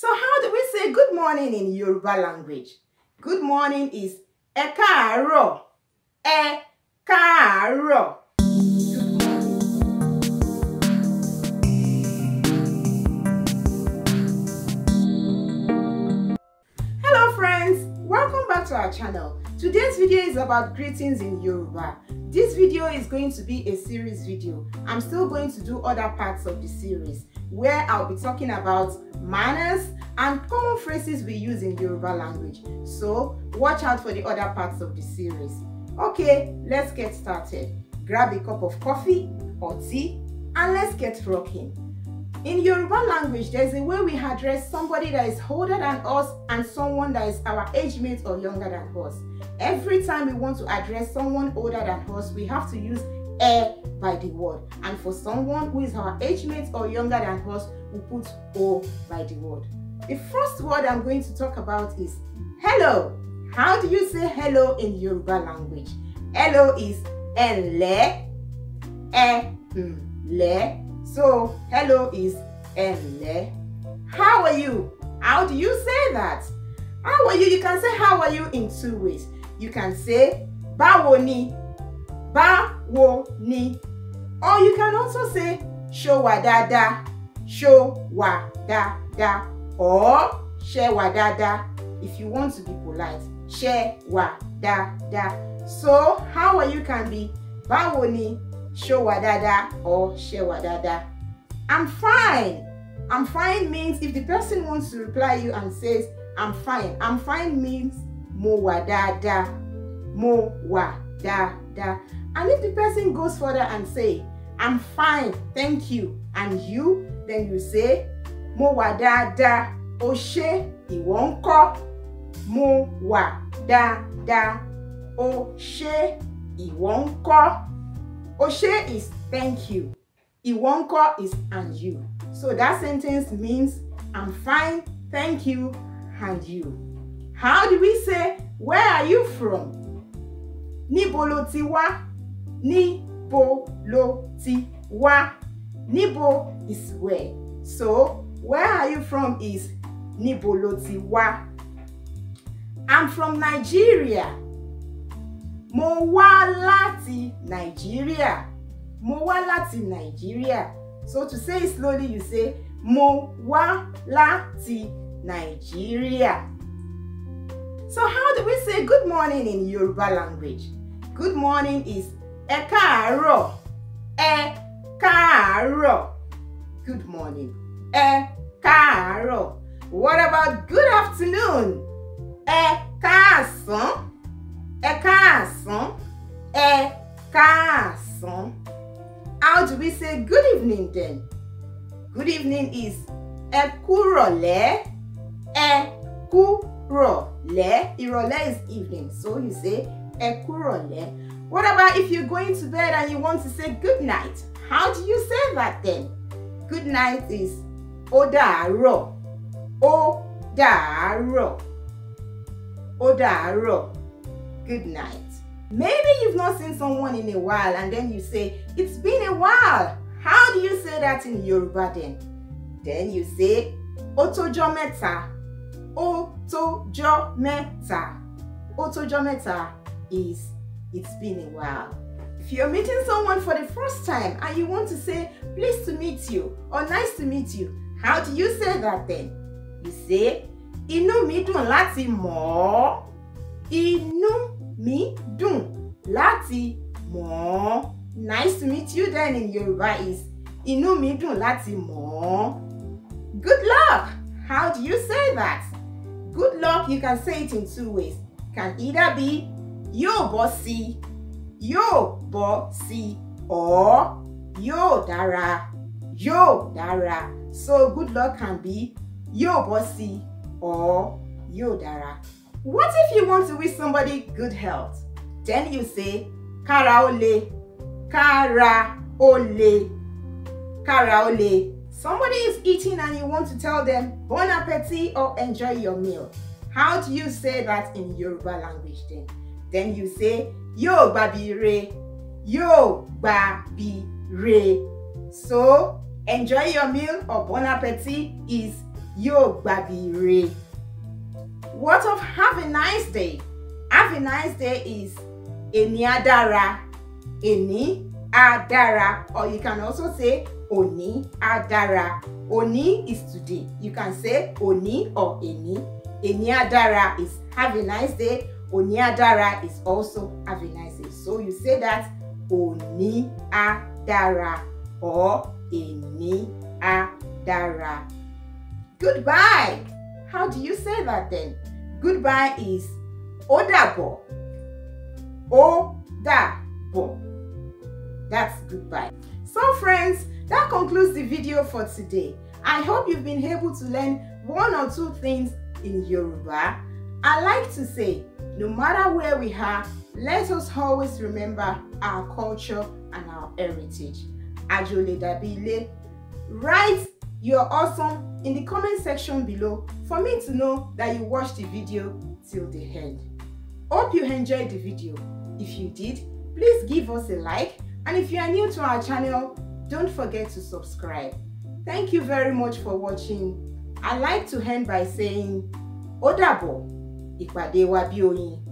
So how do we say good morning in Yoruba language? Good morning is Ẹ ekaro. Ẹ Hello friends, welcome back to our channel. Today's video is about greetings in Yoruba. This video is going to be a series video. I'm still going to do other parts of the series where I'll be talking about manners and common phrases we use in Yoruba language. So watch out for the other parts of the series. Okay, let's get started. Grab a cup of coffee or tea and let's get rocking. In Yoruba language, there's a way we address somebody that is older than us and someone that is our age mate or younger than us. Every time we want to address someone older than us, we have to use heir by the word. And for someone who is our age mate or younger than us, we put O by the word. The first word I'm going to talk about is hello. How do you say hello in Yoruba language? Hello is enle, enle. So hello is enle. How are you? How do you say that? How are you? You can say how are you in two ways. You can say Wo ni, bá wo ni. Or you can also say ṣo wà da, ṣo wà da, or ṣẹ wà da. if you want to be polite. Ṣẹ wà da. So how are you can be báwo ni, ṣo wà da, or ṣẹ da. dáadáa. I'm fine. I'm fine means if the person wants to reply you and says I'm fine. I'm fine means mo wà da, Mo wà da. And if the person goes further and say, I'm fine, thank you, and you, then you say, mo wà da o ṣé, ìwọ ńkọ́? Mo wà da o ṣé, ìwọ O ṣé is thank you. Iwonko is and you. So that sentence means I'm fine, thank you, and you. How do we say, where are you from? Níbo lo ti Níbo lo ti wá? Níbo is where. So, where are you from is Níbo lo ti wá. I'm from Nigeria. Mo wá láti Nigeria. Mo wá láti Nigeria. So to say it slowly, you say Mo wá láti Nigeria. So how do we say good morning in Yoruba language? Good morning is ẹ caro. ẹ caro. good morning ẹ caro. what about good afternoon ẹ káàsán ẹ káàsán ẹ káàsán how do we say good evening then good evening is ẹ kúrọ̀lẹ́ ẹ kúrọ̀lẹ́ ìrọ̀lẹ́ is evening so you say ẹ kúrọ̀lẹ́. What about if you're going to bed and you want to say good night? How do you say that then? Good night is odaro. Odaro. Odaro. Good night. Maybe you've not seen someone in a while and then you say, It's been a while. How do you say that in Yoruba then? Then you say, Otojometa, Otojometa, Otojometa is It's been a while. If you're meeting someone for the first time and you want to say, pleased to meet you or nice to meet you, how do you say that then? You say, "Inu mi dun lati mo." Inu mi dun lati mo. Nice to meet you then in Yoruba is Inu mi dun lati mo. Good luck! How do you say that? Good luck, you can say it in two ways. Can either be yóò bọ́ sí yóò bọ́ sí or yóò dára yóò dára so good luck can be yóò bọ́ sí or yóò dára. What if you want to wish somebody good health? Then you say kára ó le kára ó le kára ó le. Somebody is eating and you want to tell them bon appetit or enjoy your meal. How do you say that in Yoruba language then? then you say yóò gba bi re yóò gba bi re so enjoy your meal or bon appetit is yóò gba bi re what of have a nice day have a nice day is èní á dára èní á or you can also say òní á dára òní is today you can say òní or èní èní á is have a nice day Oniadara is also a Avenizing. So you say that Oniadara or Eniadara. Goodbye. How do you say that then? Goodbye is Odabo. Odabo. That's goodbye. So friends, that concludes the video for today. I hope you've been able to learn one or two things in Yoruba I like to say, no matter where we are, let us always remember our culture and our heritage. Ajole Dabile, write your awesome in the comment section below for me to know that you watched the video till the end. Hope you enjoyed the video. If you did, please give us a like and if you are new to our channel, don't forget to subscribe. Thank you very much for watching. I like to end by saying, Odabo. ìpàdé wa bí oyin